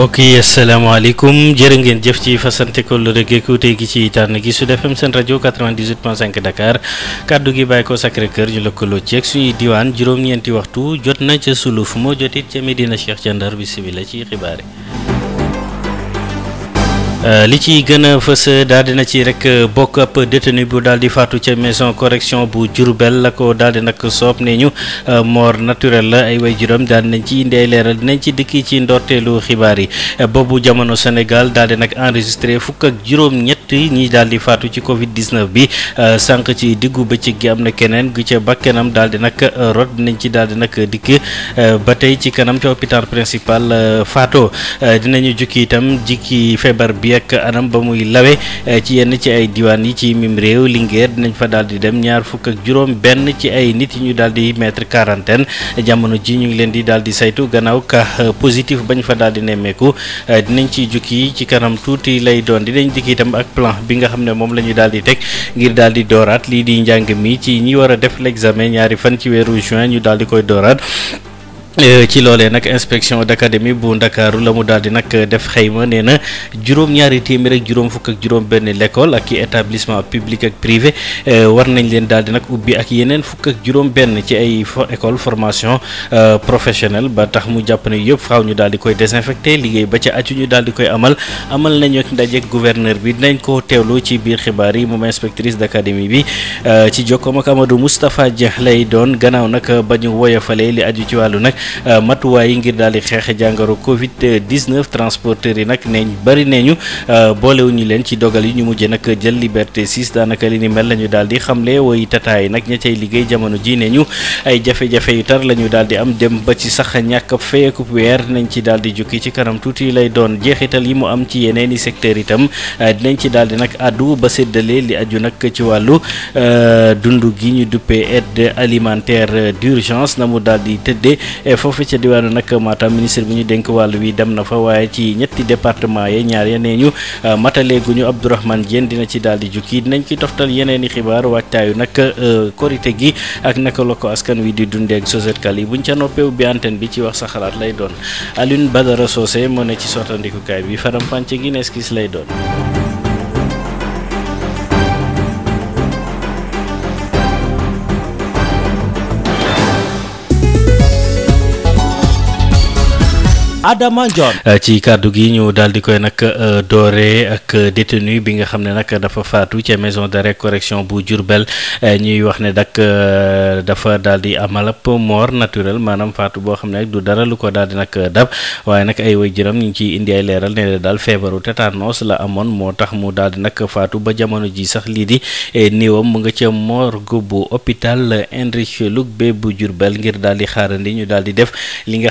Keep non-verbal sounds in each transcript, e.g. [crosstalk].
mbokk yi asalaamaaleykum jërë ngeen jëf ci fasante ko lu rek écouté gi ci tànn gi su FM seen rajo 98.5 Dakar kaddu gi bàyyi ko Sacré Cœur ñu lëkkaloo ceeg suñuy diwaan juróom-ñeenti waxtu jot na ca suluf moo jotit ca Medina Cheikh ca Ndar bi simila ci xibaar yi Euh, li ci gën a fës euh, daal dina ci rek euh, bokk ab détenu bu daal di faatu ca maison correction bu Diourbel la ko daal di nag soob ne ñu moor naturel la ay way juróom daal nañ ci indi ay leeral dinañ ci dikk ci ndorteelu xibaar yi boobu jamono Sénégal daal di nag enregistré fukk ak juróom ñetti ñi daal di faatu ci Covid 19 bi euh, sànq ci diggu bëccëg gi am na keneen gu ca bakkanam daal di nag euh, rot dinañ ci daal di nag dikk euh, ba tey ci kanam ca hôpital principal faatoo dinañu jukki itam jikki feebar bi ak anam ba muy lawe ci yenn ci ay diwaan yi ci mim réew Linguère dinañ fa daal di dem ñaar fukk ak juróom benn ci ay nit yi ñu daal di mettre quarantaine jamono ji ñu ngi leen di daal di saytu gannaaw ka positif bañ fa daal di nemmeeku dinañ ci jukki ci kanam tuuti plan bi nga xam ne moom la ñu daal di teg ngir daal di dooraat lii di njàng mi ci ñi war a def l'examen ñaari fan ci weeru juin ñu daal di koy dooraat ci loolee nag inspection d'académie bu ndakaaru la mu daal di nag def xayma nee na juróom-ñaari téeméer ak juróom fukk ak juróom benn l'école ak i établissement public ak privé eh, war nañ leen daal di nag ubbi ak yeneen fukk ak juróom benn ci ay école formation eh, professionnelle ba tax mu jàpp ne yëpp faaw ñu daal di koy désinfecté liggéey ba ca aju ñu daal di koy amal amal nañu ak ndaje gouverneur bi dinañ ko teewlu ci biir xibaar yi moom inspectrice d'académie bi eh, ci jokkoom ak Amadou Moustapha lay doon gannaaw nag ba ñu woyofalee li aju ci wàllu nag Euh, matuwaay yi ngir daal di xeex jàngoro Covid 19 transporteurs yi nag nee ñu bëri nee ñu euh, boolewuñu leen ci dogal yi ñu mujje nag jël liberté 6 daanaka li ni mel la ñu daal di xamle woy tataay nag ña cay liggéey jamono jii nee ñu ay jafe-jafe yu tar la ñu daal di am dem ba ci sax ñàkk feeku weer nañ ci daal di jukki ci kanam tuuti lay doon jeexital yi mu am ci yeneen i secteurs itam euh, nañ ci daal di nag addu ba séddale li aju nag ci wàllu dund gi ñu duppee aide alimentaire d'urgence na mu daal di tëddee foofu ca diwaanu nag Matam ministre bu ñu dénk wàll wi dem na fa waaye ci ñetti département yi ñaar ya nee ñu euh, matale gu ñu Abdourahmane Diène dina ci daal di jukki dinañ ci toftal yeneen i xibaar waajtaayu nag euh, korite gi ak naka la ko askan wi di dundee ak sociétal yi buñ ca noppeew bi antenne bi ci wax sa xalaat lay doon Alioune Badara Socé moo ne ci sottandikukaay bi faram-fàcce gi nees lay doon. Adama Ndione euh, ci kàddu gi ñu daal di koy nag euh, dooree ak détenu bi nga xam ne nag dafa faatu ca maison d'arrêt correction bu Diourbel euh, ñuy wax ne dak dafa daal di amalap mort naturel maanaam faatu boo xam ne du dara lu ko daal di nag dab waaye nag ay waajuram ñu ngi ciy indi ay leeral ne daal feebaru tétanos la amoon moo tax mu daal di nag faatu ba jamono ji sax lii di eh, niiwam mu nga ca morgue bu hôpital Heinrich Lubbe bu Diourbel ngir daal di xaarandi ñu daal di def li nga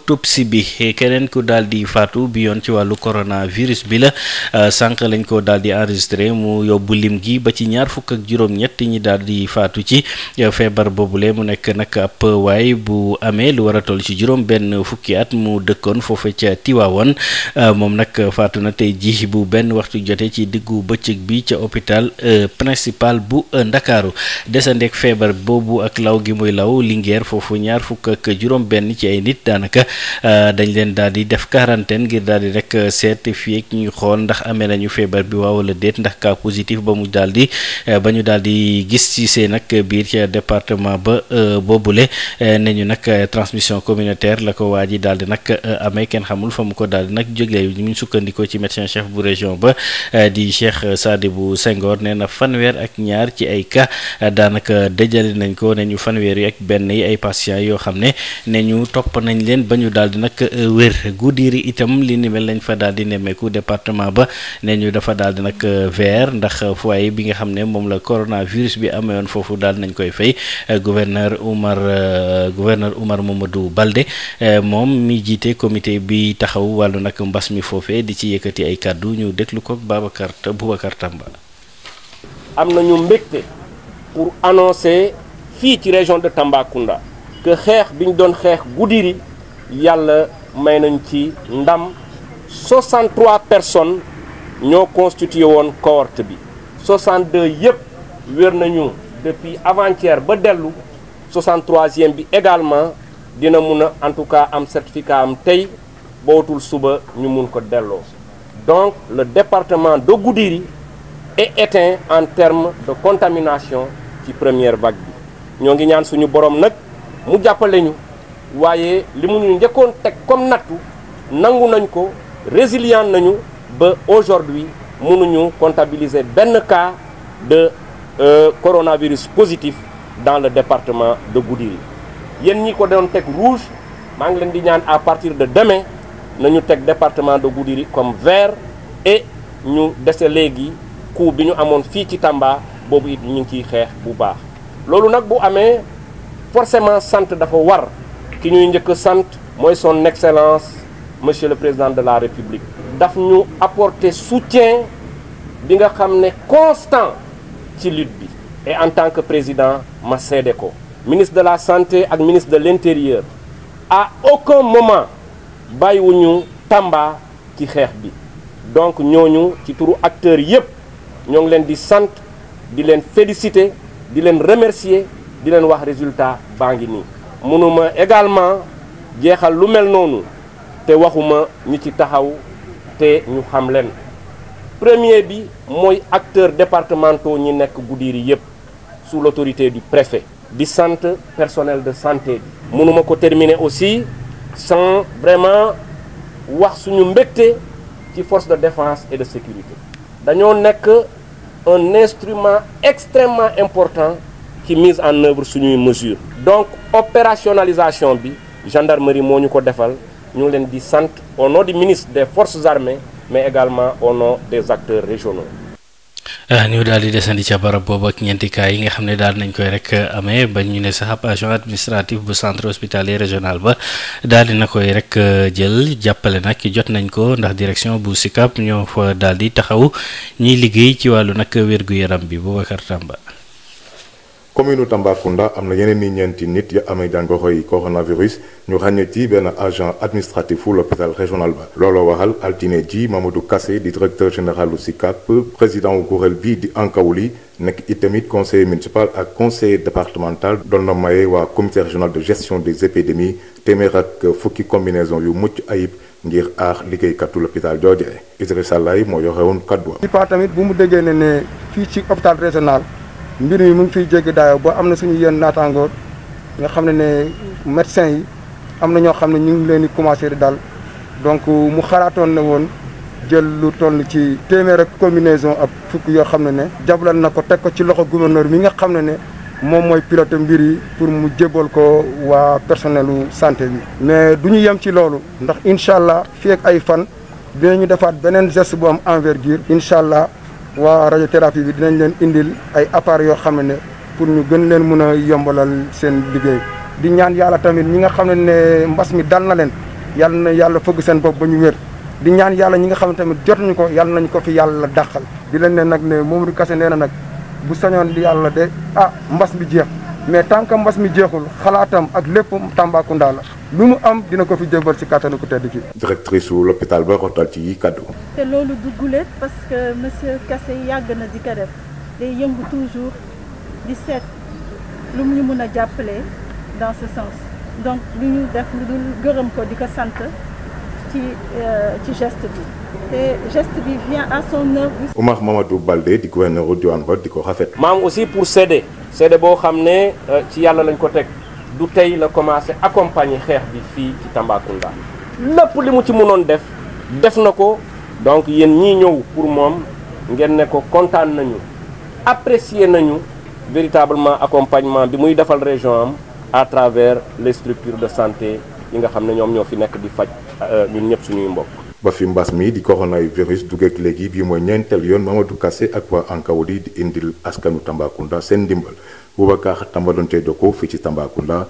autopsie bi keneen ku daal di faatu bi yoon ci wàllu coronavirus bi la euh, sànq lañ ko daal di enregistré mu yóbbu lim gi ba ci ñaar fukk ak juróom-ñett ñi daal di faatu ci euh, feebar boobu boobule mu nekk nag ab waay bu amee lu war a toll ci juróom-benn fukki at mu dëkkoon foofe ca Tiwaawoon euh, moom nag faatu na tey ji bu benn waxtu jote ci diggu bëccëg bi ca hôpital principal bu Ndakaaru desandeek feebar boobu ak law gi muy law Linguère foofu ñaar fukk ak juróom nit daanaka Euh, dañ leen daal di def quarantaine ngir daal di rek certifié euh, ñuy xool ndax amee nañu feebar bi waaw wala déet ndax cas positif ba mu daal di euh, ba ñu daal di gis ci seen nag biir ca département ba boobule ne ñu nag transmission communautaire la ko waa ji daal di nag amee kenn xamul fa mu ko daal di nag jóglee ñu sukkandikoo ci médecin chef bu région ba di Cheikh bu Senghor nee na fanweer ak ñaar ci ay ka daanaka dajale nañ ko ne ñu fanweer yi ak benn yi ay patients yoo xam ñu daal di nag euh, wér Goudiri itam li ni mel fa daal di nemmeeku département ba nee ñu dafa daal di nag euh, vert ndax foyer bi nga xam ne moom la coronavirus bi amee woon foofu daal nañ koy fay euh, gouverneur Oumar gouverneur Oumar Mamadou Balde moom mi jiite comité bi taxaw wàllu nag mbas mi foofee di ci yëkkati ay kàddu ñu déglu ko Babacar Boubacar Tamba. am nañu mbégte pour annoncer fii ci région de Tambacounda que xeex bi ñu doon xeex Goudiri yàlla may nañ ci ndam 63 personnes ñoo constitué woon cohorte bi 62 yëpp wér nañu depuis avantière ba dellu 63e bi également dina mun a en tout cas am certificat am tey bootul suba ñu mun ko delloo donc le département de Goudiri est éteint en terme de contamination ci première vague bi ñoo ngi ñaan suñu borom nag mu jàppale waaye li mu njëkkoon teg comme nattu nangu nañ ko résilient nañu ba aujourd'hui mënuñu comptabiliser benn cas de euh, coronavirus positif dans le département de Goudiri yéen ñi ko doon teg rouge maa ngi leen di ñaan à partir de demain nañu teg département de Goudiri comme vert et ñu dese léegi coup bi ñu amoon fii ci Tamba boobu it ñu ngi ciy xeex bu baax loolu nag bu amee forcément sant dafa war ki ñuy njëkk sant mooy son excellence monsieur le président de la république daf ñu apporte soutien bi nga xam ne constant ci lutte bi et en tant que président ma seede ko ministre de la santé ak ministre de l'intérieur à aucun moment bàyyiwuñu Tamba ci xeex bi donc ñooñu ci turu acteurs yépp ñoo ngi leen di sant di leen félicité di leen remercier di leen wax résultat baa ngi nii mënuma également jeexal lu mel noonu te waxuma ñi ci taxaw te ñu xam leen premier bi mooy acteurs départementaux ñi nekk Goudiry yépp sous l'autorité du préfet di sant personnel de santé bi mënuma ko terminer aussi sans vraiment wax suñu mbégte ci force de défense et de sécurité dañoo nekk un instrument extrêmement important ci mise en œuvre suñuy mesure donc opérationnalisation bi gendarmerie moo ñu ko defal ñu ngi leen di sant au nom du ministre des forces armées mais également au nom des acteurs régionaux. Ah, ñu daal di desandi ca barab boobu ak ñeenti cas yi nga xam ne daal nañ koy rek amee ba ñu ne sax ab agent administratif bu centre hospitalier régional ba daal di na koy rek euh, jël jàppale nag jot nañ ko ndax direction bu SICAP ñoo fa daal di taxaw ñiy liggéey ci wàllu nag wér yaram bi Boubacar Tamba. commune Tambacounda am na yeneen i ñeenti nit ya amee jàngoroy coronavirus ñu ràññee ci benn agent administratif wu l'hôpital régional ba looloo waxal altine ji Mamadou Kassé di directeur général u SICAP président wu kuréel bii di Ankaouli nekk itamit conseiller municipal ak conseil départemental doon na maye waa comité régional de gestion des épidémies téeméer ak fukki combinaison yu mucc ayib ngir aar liggéeykatu l'hôpital jooje Idrissa Lay moo yoxe woon kaddu. mbir mi mu ngi fiy jéggi daayo ba am na suñu yenn naataangoor nga xam ne ne médecin yi am na ñoo xam ne ñu ngi leen di commencé dal donc mu xalaatoon na woon jël lu toll ci téeméer ak combinaison fukk yoo xam ne ne jablal na ko teg ko ci loxo gouverneur mi nga xam ne ne moom mooy pilote mbir yi pour mu jébbal ko waa personnelu santé bi mais du ñu yem ci loolu ndax incha allah fii ay fan ñu defaat beneen gest bu am envergure incha allah waa radiothérapie bi dinañ leen indil ay appareils yoo xam ne ne pour ñu gën leen mën a yombalal seen liggéey di ñaan yàlla tamit ñi nga xam ne mbas mi dal na leen yàlla na yàlla fëgg seen bopp ba ñu wér di ñaan yàlla ñi nga xam ne tamit jotuñu ko yàlla nañu ko fi yàlla dàqal di leen ne nag ne Mamadou Kassé nee na nag bu sañoon di yàlla de ah mbas mi jeex mais tant que mbas mi jeexul xalaatam ak lépp Tambacounda la lu mu am dina ko fi jëmbal ci kattanu ku tedd ki. directrice su l'hôpital ba rotal ci yi kaddu. te loolu dugguleet parce que monsieur Kassé yàgg na di ko def day yëngu toujours di seet lu mu ñu mën a jàppale dans ce sens donc lu ñu def lu dul gërëm ko di ko sant ci euh, ci bi te geste bi vient à son heure. Oumar Mamadou Baldé di gouverneur diwaan ba di ko rafet. maam aussi pour séddee séddee boo xam ne euh, ci yàlla lañ ko teg. du tey la commencé accompagner xeex bi fii ci Tambacounda lépp li mu ci mënoon def def na ko donc yéen ñii ñëw pour moom ngeen ne ko kontaan nañu apprécier nañu véritablement accompagnement bi muy defal région am à travers les structures de santé yi nga xam ne ñoom ñoo fi nekk di faj euh, ñun ñëpp suñuy mbokk. ba fi mbas mii di coronavirus dugeeg léegi bii mooy ñeenteel yoon Mamadou Kassé ak waa ANCAR di indil askanu Tambacounda seen ndimbal. Boubacar Tambadonte Doko fii ci Tambacounda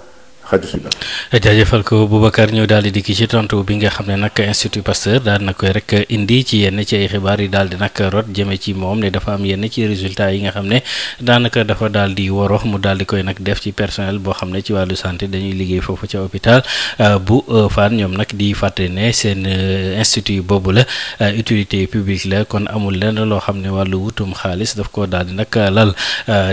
xaju si dara. jaajëfal ko Boubacar ñu daal di dikki ci tontu bi nga xam ne nag institut Pasteur daal na koy rek indi ci yenn ci ay xibaar yi daal di nag rot jëmee ci moom ne dafa am yenn ci résultat yi nga xam ne daanaka dafa daal di woro mu daal di koy nag def ci personnel boo xam ne ci wàllu santé dañuy liggéey foofu ca hôpital euh, bu euh, Fann ñoom nag di fàttali ne seen euh, institut boobu la utilité publique la kon amul lenn loo xam ne wàllu wutum xaalis daf ko daal di nag lal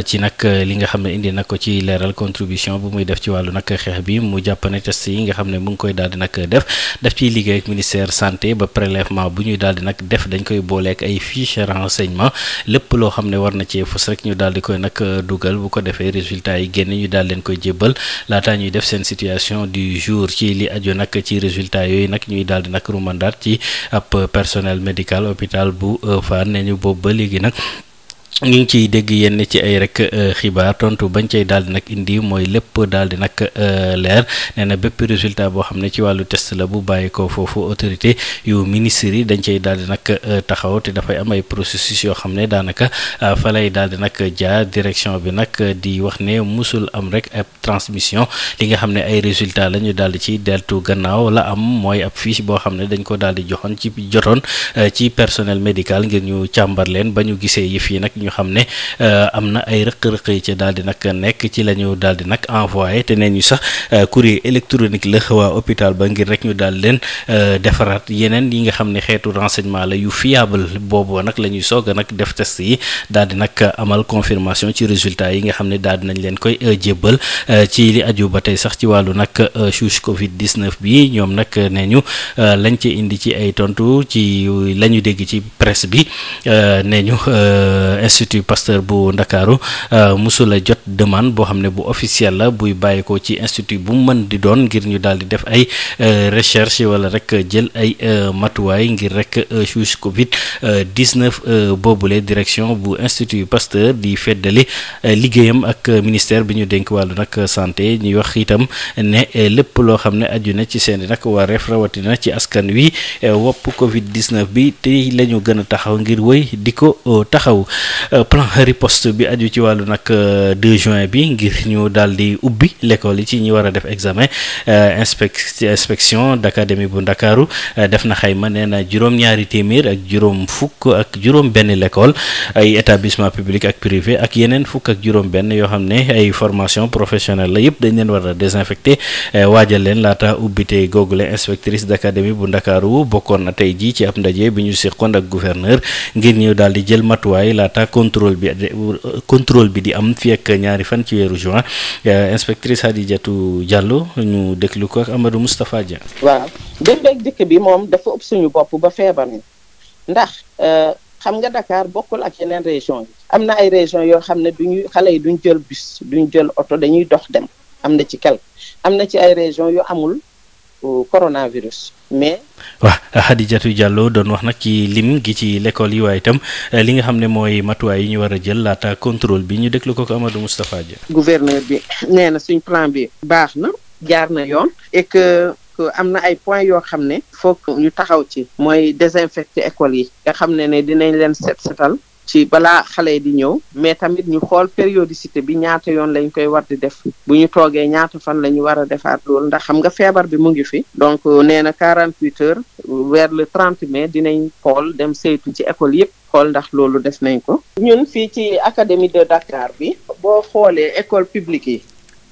ci nag li nga xam ne indi nag ko ci leeral contribution bu def ci wàllu nag. xeex bi mu jàpp ne test yi nga xam ne mu ngi koy daal di nag def daf ciy liggéey ak ministère santé ba prélèvement bu ñuy daal di def dañ koy booleek ay fiche renseignement lépp loo xam ne war na cee fës rek ñu daal di koy nag euh, dugal bu ko defee résultat yi génn ñu daal leen koy jébbal laataa ñuy def seen situation du jour ci li aju nag ci résultat yooyu nag ñuy daal di nag rumandaat ci ab personnel médical hôpital bu euh, Fann ne ñu boobu ba léegi nag ñu ngi ciy dégg yenn ci ay rek euh, xibaar tontu bañ cay daal di nag indi mooy lépp daal di nag euh, leer nee na bépp résultat boo xam ne ci wàllu test la bu bàyyi ko foofu autorité yu ministère yi dañ cay daal di nag euh, taxaw te dafay am ay processus yoo xam ne daanaka fa lay daal nag jaar direction bi nag di wax ne mosul am rek ab transmission li nga xam ne ay résultat la ñu daal di ci deltu gannaaw la am mooy ab fiche boo xam ne dañ ko daal di joxoon ci jotoon ci personnel médical ngir ñu càmbar leen ba ñu gisee yëf nag. ñu xam ne euh, am na ay rëq-rëq yi ci daal di nag nekk ci la ñu daal di nag envoyé te nee ñu sax euh, courrier électronique la waa hôpital ba ngir rek ñu daal leen euh, defaraat yeneen yi nga xam ne xeetu renseignement la yu fiable booboo nag la ñuy soog a nag def test yi daal di nag amal confirmation ci résultat yi nga xam ne daal di nañ leen koy jébbal ci li aju ba tey sax ci wàllu nag chuche Covid 19 bi ñoom nag nee ñu lañ ci indi ci ay tontu ci lañu dégg ci presse bi nee ñu institut Pasteur bu Ndakaaru euh, mosula jot demande boo xam ne bu officiel la buy bàyyeekoo ci institut bu mu mën di doon ngir ñu daal di def ay euh, recherche wala rek jël ay euh, matuwaay ngir rek juge Covid 19 boobule direction bu institut Pasteur di feddali liggéeyam ak ministère bi ñu dénk wàllu nag santé ñuy wax itam ne lépp loo xam ne aju na ci seen i nag waa ref rawatina ci askan wi wopp Covid 19 bi tey la ñu gën a taxaw ngir wéy di ko taxaw. Euh, plan riposte bi aju ci wàllu nag 2 euh, juin bi ngir ñu daal di ubbi l'école yi ci ñi war a def examen euh, inspect inspection d'académie bu ndakaaru def na xayma nee na juróom-ñaari téeméer ak juróom fukk ak juróom benn l'école ay établissement public ak privé ak yeneen fukk ak juróom benn yoo xam ne ay formation professionnelle la yëpp dañ leen war a désinfecté waajal leen laata ubbite googule inspectrice d'académie bu ndakaaru bokkoon na tey jii ci ab ndaje bi ñu seqoon ak gouverneur ngir ñu daal di jël matuwaay contrôle bi contrôle bi di am fii ak ñaari fan ci weeru juin euh, inspectrice Hadijatou jallo ñu déglu ko ak Amadou Moustapha Dia. waaw dikk bi moom dafa ëpp suñu bopp ba feebar ni ndax euh, xam nga dakaar bokkul ak yeneen région yi am na ay région yoo xam ne duñu xale yi duñ jël bus duñ jël oto dañuy dox dem am na ci quelque am na ci ay région yu amul. coronavirus mais. waaw Hadijatou Diallo doon wax nag ci lim gi ci l'école yi waaye itam eh, li nga xam ne mooy matuwaay yi ñu war a jël laata contrôle bi ñu déglu ko ko Amadou Moustapha Dia. gouverneur bi nee na suñ plan bi baax na jaar na yoon e que. am na ay point yoo xam ne foog ñu taxaw ci mooy désinfecter école yi nga xam ne ne dinañ leen set setal ci balaa xale yi di ñëw mais tamit ñu xool périodicité bi ñaata yoon lañ koy war di def bu ñu toogee ñaata fan la ñu war a defaat loolu ndax xam nga feebar bi mu ngi fi donc euh, nee na 48 heures vers le 30 mai dinañ xool dem saytu ci école yépp xool ndax loolu def nañ ko. ñun fii ci académie de Dakar bi boo xoolee école publique yi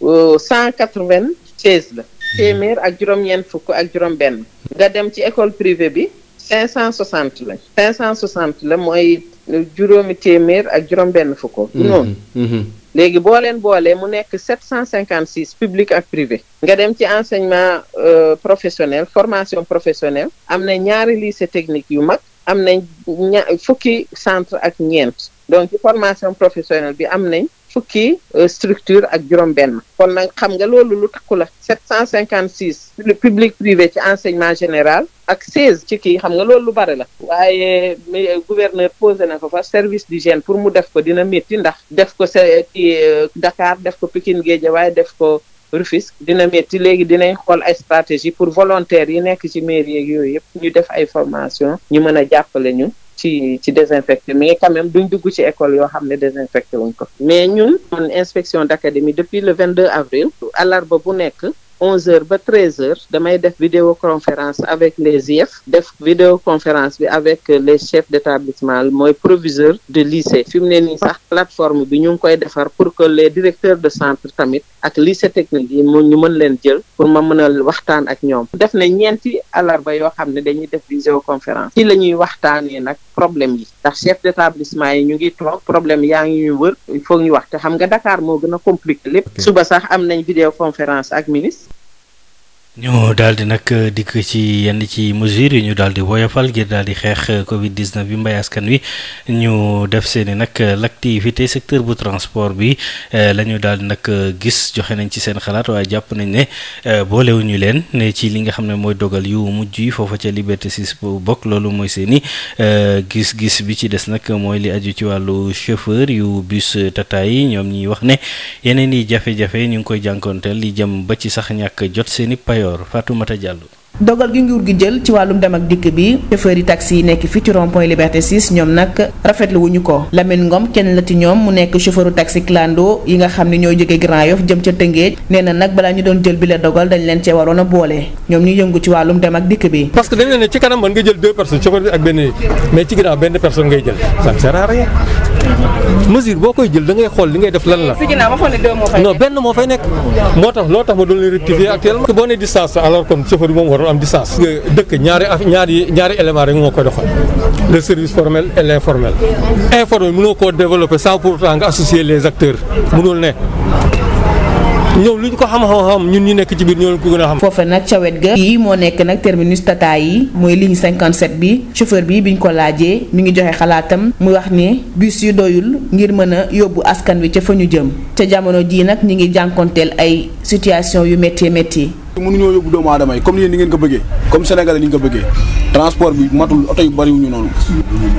196 euh, la téeméer ak juróom-ñeent fukk ak juróom-benn nga dem ci école privée bi 560 la 560 la mooy. juróomi téeméer ak juróom benn fukk. du mm-hmm. noonu. Mm-hmm. léegi boo leen boolee mu nekk 756 public ak privé. nga dem ci enseignement euh, professionnel formation professionnelle. am na ñaari lycée technique yu mag. am nañ ña fukki centre ak ñeent. donc ci formation professionnelle bi am nañ. fukki euh, structure ak juróom-benn kon nag xam nga loolu lu takku la cent 756 le public privé ci enseignement général ak 16 ci kii xam nga loolu lu bari la waaye euh, gouverneur posé na ko fa service d'hygiène pour mu def ko dina métti ndax def ko sa euh, kii Dakar def ko Pikine waaye def ko Rufisque dina métti léegi dinañ xool ay stratégie pour volontaires yi nekk ci mairie yeeg yooyu yëpp ñu def ay formation ñu mën a jàppale ñu ci ci désinfecté mais quand même duñ dugg ci école yoo xam ne désinfecté wuñ ko mais ñun on inspection d'académie depuis le 22 avril alarba bu nekk onze heures ba treize heures damay def vidéoconférence avec les IEF def vidéoconférence bi avec les chefs d'établissement mooy proviseur de lycée fi mu ne nii sax plateforme bi ñu ngi koy defar pour que les directeurs de centre tamit ak lycée technique yi mu ñu mën leen jël pour ma mën a waxtaan ak ñoom def na ñeenti alarba yoo xam ne dañuy def visioconférence ci la ñuy waxtaanee nag problème yi ndax chef d'établissement yi ñu ngi toog problème yaa ngi ñuy wër il faut ñu wax te xam nga Dakar moo gën a compliqué lépp suba sax am nañ vidéoconférence ak ministre ñu daal di nag euh, dikk ci yenn ci mesures yu ñu daal di woyofal ngir daal di xeex euh, Covid 19 bi mbay askan wi ñu def seeni nag euh, l' activité secteur bu transport bi lañu ñu daal di nag gis joxe nañ ci seen xalaat waaye jàpp nañ ne boolewuñu leen ne ci li nga xam ne mooy dogal yu mujj yi foofa ca Liberté 6 bu bokk loolu mooy seeni gis-gis bi ci des nag mooy li aju ci wàllu chauffeur yu bus tata yi ñoom ñuy wax ne yeneen yi jafe-jafe ñu ngi koy jànkoonteel li jëm ci sax ñàkk Kajoor Fatoumata Diallo dogal gi nguur gi jël ci wàllum dem ak dikk bi chauffeur yi taxi yi nekk fii ci rond point Liberté 6 ñoom nag rafetlu wuñu ko Lamine Ngom kenn la ci ñoom mu nekk chauffeuru taxi clando yi nga xam ne ñoo jógee Grand Yoff jëm ca Tëngéej nee nag balaa ñu doon jël bi la dogal dañ leen cee waroon a boole ñoom ñu yëngu ci wàllum dem ak dikk bi. parce que dañ leen ne ci kanam mën nga jël deux personnes chauffeur bi ak benn nit ci ginnaaw benn personne ngay jël ça ne da ngay xool li ngay def lan la. si ginnaaw ma foog ne deux moo fay nekk warul am dëkk ñaari ñaari ñaari élément rek moo koy doxal le service formel et l' informel informel mënoo koo développer sans pour autant les acteurs mënul ne. ñoom lu ko xam-xam ñun ñu nekk ci biir ñoo ko gën nag ca wet ga. yii moo nekk nag terminus tata yi mooy ligne 57 bi chauffeur bi ñu ko laajee mi ngi joxe xalaatam mu wax ni bus yu doyul ngir mën a yóbbu askan wi ca fa ñu jëm ca jamono ji nag ñu ngi jànkonteel ay situation yu métti métti. mënuñoo yóbbu doomu aadama yi comme yéen ngeen ko bëggee comme sénégalais ni ñu bëggee transport bi matul oto yu bëriwuñu noonu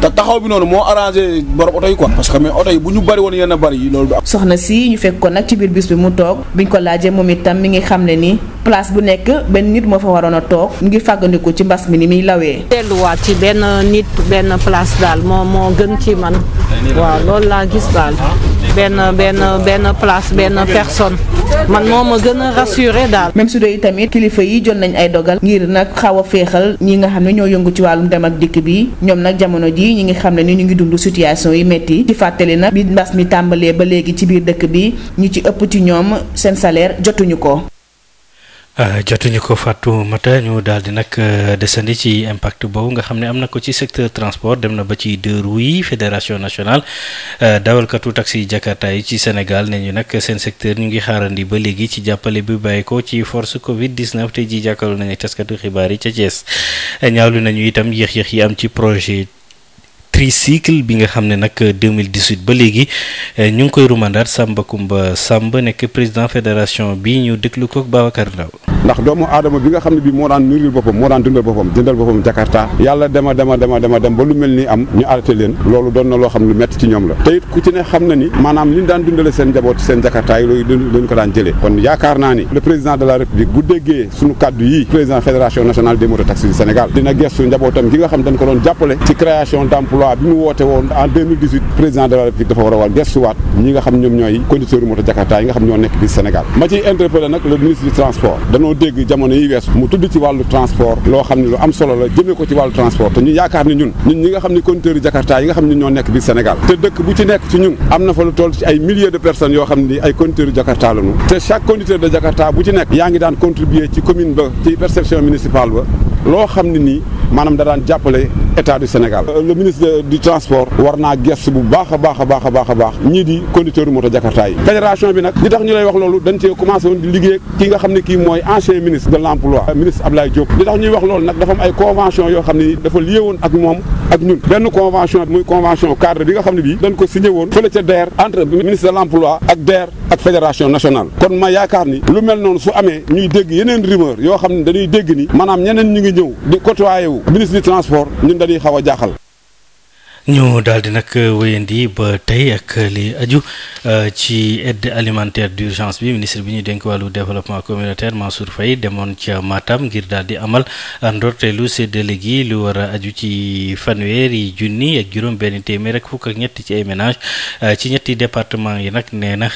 te taxaw bi noonu moo arrangé borom oto yi quoi parce oto yi bu ñu bëri woon yenn bëri yi loolu du am soxna si ñu fekk ko nag ci biir bis bi mu toog biñ ko laajee moom itam mi ngi xam ne nii place bu nekk benn nit moo fa waroon a toog ngi fàggandiku ci mbas mi ni muy lawee delluwaat ci benn nit benn place daal moo moo gën ci man waaw loolu laa gis daal benn benn benn place benn personne man moo a gën a rassuré daal. même su itamit kilifa yi jot nañ ay dogal ngir nag xaw a féexal ñi nga xam ne ñoo yëngu ci wàllum dem ak dikk bi ñoom nag jamono ji ñi ngi xam ne ni ñu ngi dund situation yi métti ci fàttali nag bi mbas mi tàmbalee ba léegi ci biir dëkk bi ñu ci ëpp ci ñoom seen salaire jotuñu ko. Euh, jotuñu ko fàttu mata ñu daal di nag euh, desandi ci impact boobu nga xam ne am na ko ci secteur transport dem na ba ci deux roues yi fédération nationale euh, dawalkatu taxi jakarta yi ci Sénégal ne ñu nag seen secteur ñu ngi xaarandi ba léegi ci jàppale bi bàyyi ko ci force Covid 19 te ji jàkkaarloo nañu taskatu xibaar yi ca Thiès ñaawlu nañu itam yéex-yéex yi am ci projet. tricycle bi nga xam ne nag 2018 euh, ba léegi euh, ñu ngi koy rumandaat Samba Kumba Samb nekk président fédération bi ñu déglu ko Babacar Ndaw ndax doomu aadama bi nga xam ne bii moo daan nuril boppam moo daan dundal boppam jëndal boppam Jakarta yàlla dema dema dema dema dem ba lu mel ni am ñu arrêté leen loolu doon na loo xam lu métti ci ñoom la te ku ci ne xam na ni maanaam li daan dundale seen njaboot seen Jakarta yi loolu dañu ko daan jëlee kon yaakaar naa loi bi mu woote woon en 2018 président de la république dafa war a war gestuwaat ñi nga xam ñoom ñooy conducteur moto Jakarta yi nga xam ñoo nekk biir Sénégal ma ciy interpellé nag le dégg jamono yi weesu mu tudd ci wàllu transport loo xam ne lu am solo la jëmee ko ci wàllu transport te ñu yaakaar ne ñun ñun ñi nga xam ne conducteur Jakarta yi nga xam ne ñoo nekk biir Sénégal te dëkk bu ci nekk ci ñun am na lu toll ay milliers de personnes yoo du transport war naa gëstu bu baax a baax a baax a baax a baax ñii di conducteur moto jakarta yi fédération bi nag li tax ñu lay wax loolu dañ cee woon di liggéey ki nga xam ne kii mooy ancien ministre de l' emploi ministre Ablaye Diop li ak moom ak ñun benn l' kon ma yaakaar ni lu mel noonu su amee ñuy dégg yeneen rumeur yoo xam ne dañuy dégg ni maanaam ñeneen ñu ngi ñëw di côtoyé ministre du transport ñun dañuy xaw a jaaxal ñu daal di nag euh, wéyandi ba tey ak li aju euh, ci aide alimentaire d'urgence bi ministre bi ñu dénk wàllu développement communautaire Mansour Faye demoon ca maatam ngir daal di amal ndorteelu séddale gi lu war a aju ci fanweer yi junni ak juróom benn téeméer rek fukk ak ñetti ci ay ménage euh, ci ñetti département yi nag nee na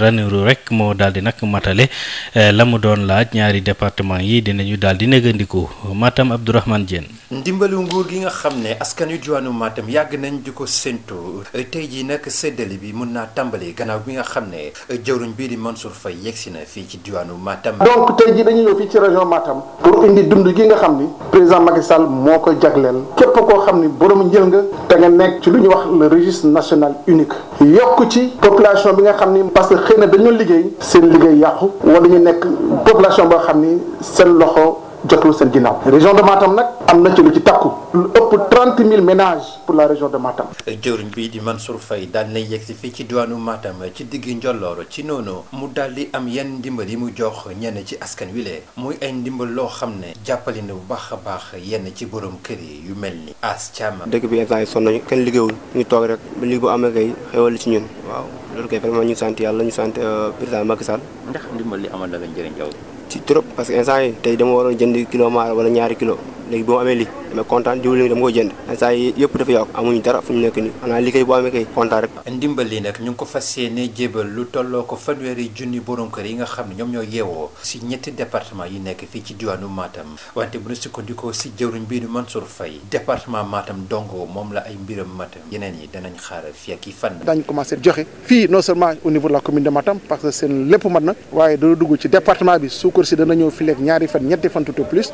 ranuru rek moo daal di nag matale la mu doon laaj ñaari département yi dinañu daal di négandiku Matam Abdourahmane Diène ndimbalu nguur gi nga xam ne askan wi diwaanu maatam yàgg nañ di ko séntu tey jii nekk séddale bi mun naa tàmbali gannaaw bi nga xam ne jëwriñ bii di Mansour Faye yegsi na fii ci diwaanu Matam. donc tey ji dañuy ñëw fii ci région maatam pour indi dund gi nga xam ni. président Macky Sall moo ko jagleel. képp koo xam ni borom njël nga. te nga nekk ci lu ñuy wax le registre national unique. yokk ci population bi nga xam ni. parce que xëy na dañoo liggéey. seen liggéey yàqu. wala ñu nekk population boo xam ni seen loxo. jotul seen ginnaaw région de Matam nag am na ci lu ci takku lu ëpp trente mille ménage pour la région de Matam. jëwriñ bii di man Mansour fay daal na yegg si fii ci diwaanu maatam ci digg njolloor ci noonu mu daal di am yenn ndimbal yi mu jox ñenn ci askan wi lee muy ay ndimbal loo xam ne jàppale na bu baax a baax yenn ci borom kër yi yu mel ni as caama. dëkk bi instant yi sonn nañu kenn liggéeyul ñu toog rek ba liggéey bu amee kay xewal ci ñun waaw loolu kay vraiment ñu sant yàlla ñu sant euh, président Macky Sall. ndax ndimbal li amal na la njëriñ yow. ci trop parce que instant yi tey dama waroon jënd kilo maalo wala ñaari kilo léegi bi amee li dama kontaan jiw léegi dama ko jënd saa yi dafa yàqu amuñu dara fu ñu nekk ni xanaa liggéey boo amee kay kontaan nag ñu ngi ko fas yéene jébal lu tolloo ko fanweeri junni borom kër yi nga xam ne ñoom ñoo yeewoo si ñetti departement yi nekk fii ci diwaanu maatam wante bu ñu sukkandikoo si jëwriñ bii di Mansour Faye département Matam dong moom la ay mbiram Matam yeneen yi danañ xaaral fii i fan dañ commencé joxe fii non seulement au niveau de la commune de Matam parce que seen lépp mat na waaye dana dugg ci département bi su si dana ñëw fileeg ñaari fan ñetti fan tout plus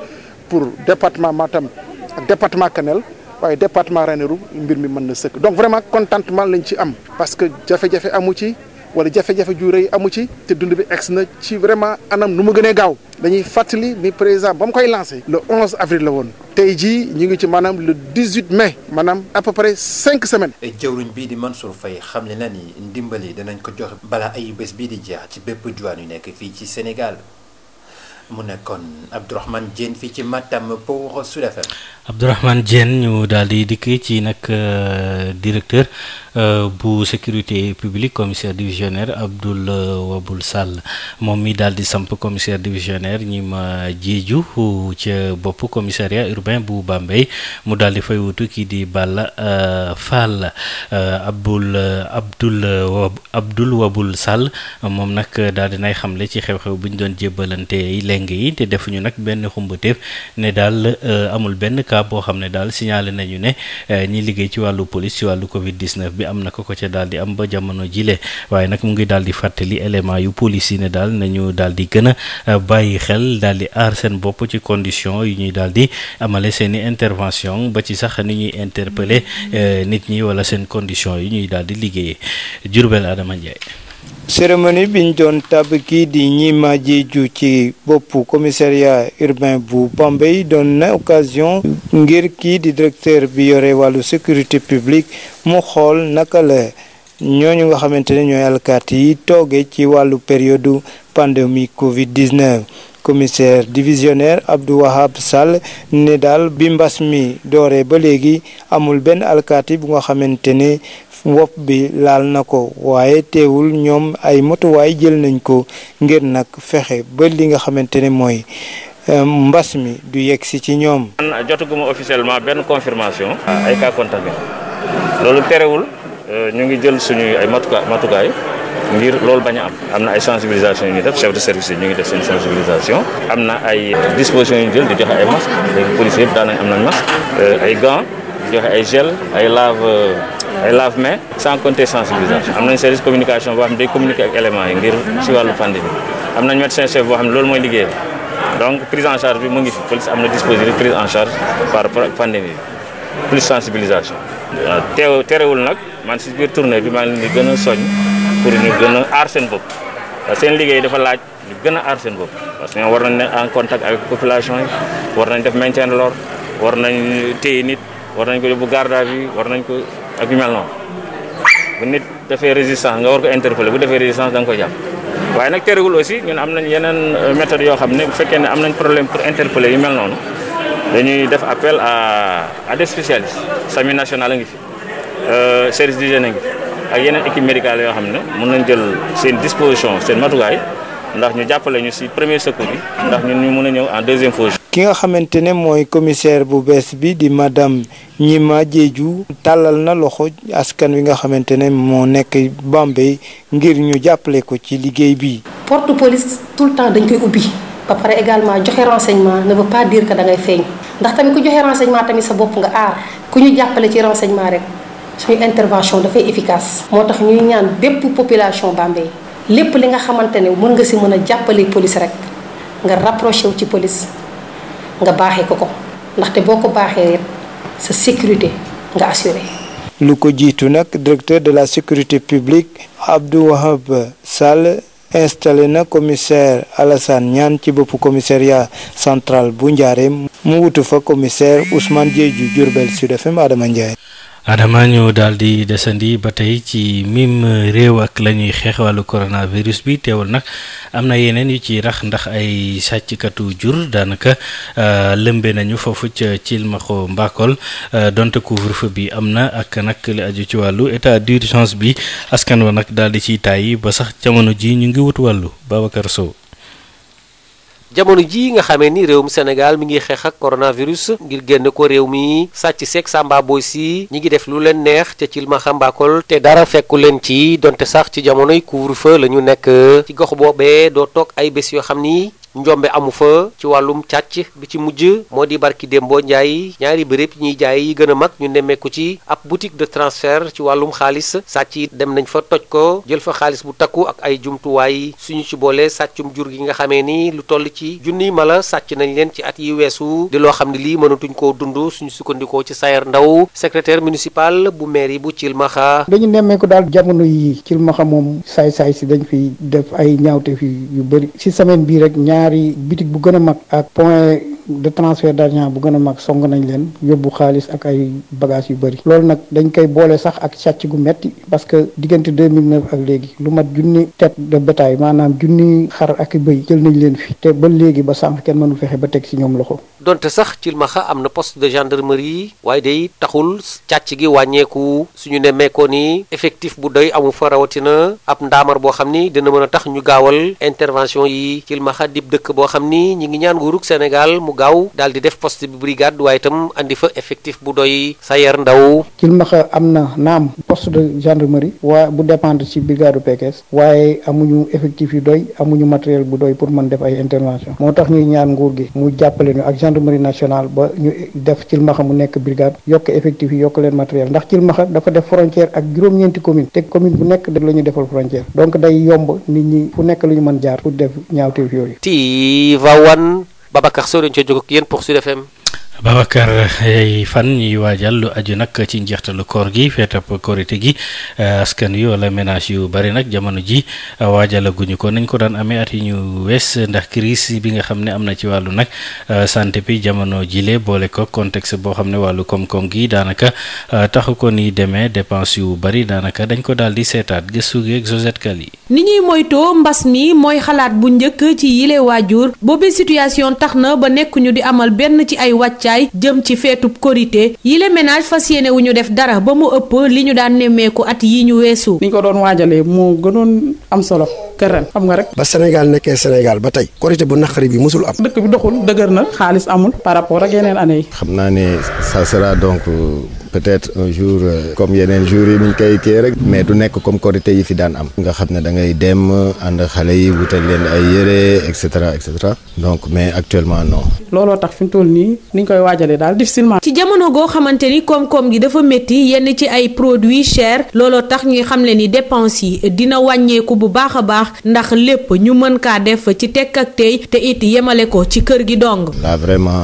pour département tam ak département Kanel waaye département Ranérou mbir mi mën na sëkk donc vraiment contentement lañ ci am parce que jafe-jafe amu ci wala jafe-jafe ju amu ci te dund bi egsi na ci vraiment anam nu mu gënee gaaw dañuy fàttali ni président ba mu koy lancé le 11 avril la woon tey jii ñu ngi ci maanaam le 18 mai maanaam à peu près cinq semaines jëwriñ bii di Mansour Faye xam ne na ni ndimbal danañ ko joxe balaa ayu bés bii di jeex ci bépp juwaan yu nekk fii ci Sénégal mu nekkoon Abdourahmane Diène ci Matam pour Sud FM. Abdourahmane Diène daal di dikk ci nag euh, directeur euh, bu sécurité publique commissaire divisionnaire Abdoul euh, Waboul Sall moom mi daal di samp commissaire divisionnaire ñi ma jéeju ca bopp commissariat urbain bu Bambey mu daal di fay wutu kii di Balla Fall Abdoul Abdoul Abdoul Waboul Sall moom nag daal di nay xamle ci xew-xew bu ñu doon jébbalante leng yi te defuñu nag benn xumbateef ne daal euh, amul benn cas boo xam ne daal signalé nañu ne euh, ñi liggéey ci wàllu police ci wàllu Covid 19 bi am na ko ko ca daal di am ba jamono jile waaye nag mu ngi daal di fàttali élément yu police yi ne daal nañu daal di gën a euh, bàyyi xel daal di aar seen bopp ci condition yu ñuy daal di amale seen i intervention ba ci sax ni ñuy interpeller mm-hmm. nit ñi wala seen condition yi ñuy daal di liggéeyee Jurbel Adama Ndiaye cérémonie biñ doon tàbb kii di ñiima jiiju ci boppu commissariat urbain bu Bambey doon na occasion ngir kii di directeur bi yore wàllu sécurité publique mu xool naka la ñooñu nga xamante ne ñooy alkaati yi tooge ci wàllu période pandémie Covid-19 commissaire divisionnaire Abdou Wahab Sall ne daal bi mbas mi dooree ba léegi amul benn alkaati bu nga xamante ne wopp bi laal na ko waaye teewul ñoom ay matuwaay jël nañ ko ngir nag fexe ba li nga xamante ne mooy euh, mbas mi du yegg si ci ñoom. man jotaguma officiellement benn confirmation. ay cas contact loolu terewul euh, ñu ngi jël suñuy ay matukaay matukaay ngir loolu bañ am. am na ay sensibilisation yu ñuy def chef de service yi ñu ngi def seen sensibilisation. am na ay dispositions yu ñu jël di joxe ay masques léegi am nañ masque euh, ay gants. joxe ay gel ay lave euh, ay lave main sans compter sensibilisation am nañ service communication boo xam ne day communiquer ak éléments yi ngir si wàllu pandémie am nañ médecin chef boo xam ne loolu mooy prise en charge par pandémie bi plus sensibilisation terewul nag man si biir tournée bi maa ngi leen soñ pour ñu gën a aar seen liggéey dafa laaj ñu gën a aar seen bopp parce que war nañ population yi war nañ def maintien de war nañ téye nit war nañ ko yóbbu garde à vue war nañ ko ak yu mel noonu bu nit defee résistance nga war ko interpeller bu defee résistance da nga koy jàpp waaye nag terewul aussi ne am nañ yeneen euh, méthode yoo xam ne bu fekkee ne am nañ problème pour interpeller yu mel noonu dañuy def appel à à des spécialistes SAMU national a ngi fi euh, service d'hygiène a ngi ak yeneen équipe médicale yoo xam ne mën nañ jël seen disposition seen matukaay ndax ñu jàppale ñu si premier secours bi ndax ñu mën a ñëw en deuxième phase. ki nga xamante ne mooy commissaire bu bees bi di madame Gnima Diédhiou tàllal na loxo askan wi nga xamante ne moo nekk Bambey ngir ñu jàppale ko ci liggéey bi. porte police tout le temps dañ koy ubbi ba pare également joxe renseignement ne veut pas dire que da ngay feeñ ndax tamit ku joxe renseignement tamit sa bopp nga aar ku ñu jàppale ci renseignement rek suñu intervention dafay efficace. moo tax ñuy ñaan bépp population Bambey. lépp li nga xamante ne mën nga si mën a jàppale police rek nga rapproché ci police nga baaxee ko ko ndaxte boo ko baaxee sa sécurité nga assuré. lu ko jiitu nag directeur de la sécurité publique Abdou Wahab Sall installé na commissaire Alassane ñaan ci boppu commissariat centrale bu Njaareem mu wutu fa commissaire Ousmane Diédiou Diourbel Sud FM Adama Ndiaye. Adama ñu daal di desandi ba tey ci mim réew ak la ñuy xeex wàllu coronavirus bi teewul nag am na yeneen yu ci rax ndax ay sàcckatu jur daanaka euh, lëmbe nañu foofu ca Cilmaxo Mbakol euh, donte couvre-feu bi am na ak nag li aju ci wàllu état d'urgence bi askan wa nag daal di ciy tàyyi ba sax jamono ji ñu ngi wut wàllu Babacar Sow. jamono jii nga xamee ni réewum Sénégal mi ngi xeex ak coronavirus ngir génn ko réew mi sàcc seeg sàmba boy si ñi ngi def lu leen neex ca cilma xambakol te dara fekku leen ci donte sax ci jamonoy couvre-feu la ñu nekk ci gox boobee doo toog ay bés yoo xam ni njombe amu fa ci wàllum càcc bi ci mujj moo di barki démboo njaay ñaari béréb ñuy jaay yi gën a mag ñu nemmeeku ci ab boutique de transfert ci wàllum xaalis sàcc yi dem nañ fa toj ko jël fa xaalis bu takku ak ay jumtuwaay suñu ci boole sàccum jur gi nga xamee ni lu toll ci junniy mala sàcc nañ leen ci at yi weesu di loo xam ne lii mënatuñ koo dund suñu sukkandikoo ci Sayer Ndaw secretaire municipal bu mairie bu Cilmaxa dañu nemmeeku daal jamono yi Cilmaxa moom saay-saay si dañ fiy def ay ñaawte fi ñaari bitig bu gën a mag ak point de transfert d'argent bu gën a mag song nañ leen yóbbu xaalis ak ay bagages yu bëri loolu nag dañ koy boole sax ak sàcc gu metti parce que diggante 2009 ak léegi lu mat junni tête de bétail maanaam junni xar ak bëy jël nañ leen fi te ba léegi ba sànq kenn mënu fexe ba teg si ñoom loxo. donte sax Cilmaxa am na post de gendarmerie waaye day taxul càcc gi wàññeeku suñu ne meekoo ni effectif bu doy amul fa rawatina ab ndaamar boo xam ni dina mën a tax ñu gaawal intervention yi Cilmaxa dib dëkk boo xam ni ñi ngi ñaan nguurug Sénégal bu gaaw daal di def poste bi brigade waaye itam andi fa effectif bu doy sayer ndaw Kilmaxa am na naam poste de gendarmerie waa bu dépendre ci brigade Pekes waaye amuñu effectif yu doy amuñu matériel bu doy pour man def ay intervention moo tax ñuy ñaan nguur gi mu jàppale ñu ak gendarmerie nationale ba ñu def Kilmaxa mu nekk brigade yokk effectif yi yokk leen matériel ndax Kilmaxa dafa def frontière ak juróom-ñeenti commune te commune bu nekk la ñu defal frontière donc day yomb nit ñi fu nekk lu ñu mën jaar pour def ñaawteef yooyu Tivaouane Babacar Sow dañu cee jóg ak yéen Babacar ay fan ñuy waajal lu aju nag ci njeextalu koor gi feetab korite gi eh, askan wi wala ménage yu bari nag jamono ji waajalaguñu ko nañ ko daan amee at yi ñu wees ndax kiris bi nga xam ne am na ci wàllu nag eh, santé bi jamono jile boole ko contexte boo xam ne wàllu koom-koom gi daanaka eh, taxu ko ni demee dépense yu bari daanaka dañ ko daal di seetaat gëstu geeg Josette Kali ni ñuy moytoo mbas mi mooy xalaat bu njëkk ci yile waajur boobu situation tax na Ndiaye jëm ci feetub korité yile ménage fas yéene wu ñu def dara ba mu ëpp li ñu daan nemmeeku at yi ñu weesu. ni ñu ko doon waajalee moo gënoon am solo. te ren xam nga rek ba Sénégal nekkee Sénégal ba tey korité bu naqari bi musul am dëkk bi doxul dëgër na xaalis amul par rapport ak yeneen année yi xam naa ne ça donc euh, peut un jour euh, comme yeneen jour yi ñu koy kii rek mais du nekk comme korité yi fi daan am nga xam ne da ngay dem ànd xale yi wutal leen ay yére et cetera donc mais actuellement non looloo tax fi mu toll nii ni ñu koy waajalee daal ci jamono goo xamante ni koom-koom gi dafa métti yenn ci ay produits chers looloo tax ñuy xam ne ni dépense yi dina wàññeeku bu ndax lépp ñu mën kaa def fa ci tekk ak tey te it yemale ko ci kër gi dong. là vraiment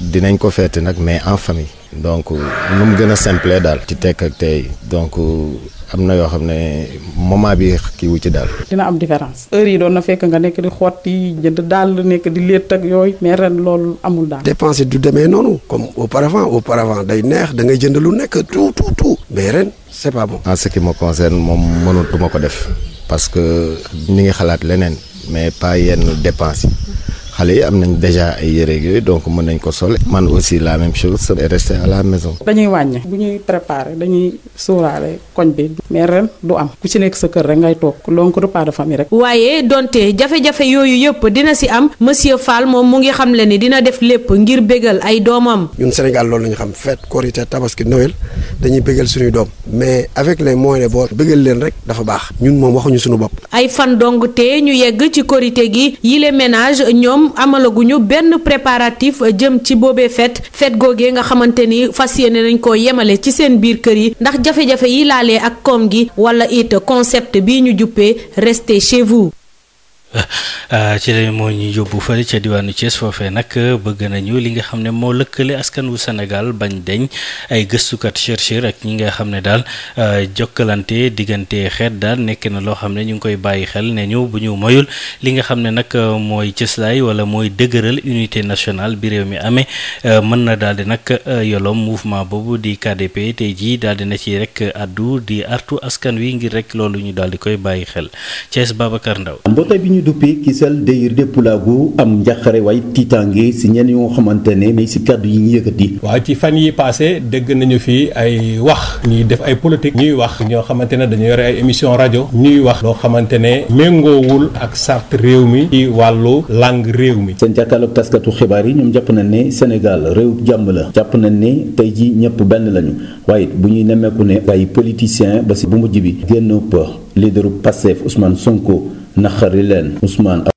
dinañ ko feete nag mais en famille. donc nu mu gën a simple daal. ci tekk ak tey donc am na yoo xam ne moment bi kii wu ci daal. dina am différence heure yi doon na fekk nga nekk di xotti jënd daal nekk di létt ak yooyu mais ren loolu amul daal. dépense du demee noonu comme auparavant auparavant day neex da ngay jënd lu nekk tout tout tout mais ren c'est pas bon. en ce qui me concerne moom mënutuma ko def. parce que ñu ngi xalaat leneen mais pas yenn dépense yi xale yi am nañ déjà ay yére yooyu donc mën nañ ko sol man aussi la même chose rester à la maison. dañuy wàññi bu ñuy préparer dañuy sóoraale koñ bi mais ren du am ku ci nekk sa kër rek ngay toog donc repas de famille rek. waaye donte jafe-jafe yooyu yëpp dina si am monsieur Fall moom mu ngi xam le ni dina def lépp ngir bégal ay doomam. ñun Sénégal loolu la ñu xam fête Korité Tabaski Noël dañuy bégal suñuy doom mais avec les moyens de bord bégal leen rek dafa baax ñun moom waxuñu suñu bopp. ay fan dong te ñu ñoom amalaguñu benn préparatif euh, jëm ci boobee fête fête googee nga xamante ni fas yéene nañ ko yemale ci seen biir kër yi ndax jafe-jafe yi laale ak koom gi wala it concept bii ñu juppee restez chez [laughs] Ah, ci la moo ñu yóbbu fële ca diwaanu Thiès foofee nag bëgg nañu li nga xam ne moo lëkkale askan wu senegal bañ deñ ay gëstukat chercheur ak ñi nga xam ne daal ah, jokkalante diggante xeet daal nekk na loo xam ne ñu ngi koy bàyyi xel ne ñëw bu ñu moyul li nga xam ne nag ah, mooy cëslaay wala mooy dëgëral unité nationale bi réew mi amee mën na daal di nag yolom mouvement boobu di KDP tey jii daal di na ci rek addu di artu askan wi ngir rek loolu ñu daal di koy bàyyi xel Thiès Babacar ñu duppee kisal Dayirde Pulaagu am njaqare waaye tiitaange si ñenn yoo xamante ne mais si kàddu yi ñu yëkkati. waaw ci fan yi passé dégg nañu fi ay wax ñuy def ay politique ñuy wax ñoo xamante ne dañu yore ay émission rajo ñuy wax loo xamante ne méngoowul ak sart réew mi ci wàllu langue réew mi. seen jàkkaarloog taskatu xibaar yi ñoom jàpp nañ ne Sénégal réew jàmm la jàpp nañ ne tey ji ñëpp benn lañu waaye bu ñuy nemmeeku ne ay politiciens ba si bu mujj bi génnub leaderu Pastef Ousmane Sonko. naqari leen Ousmane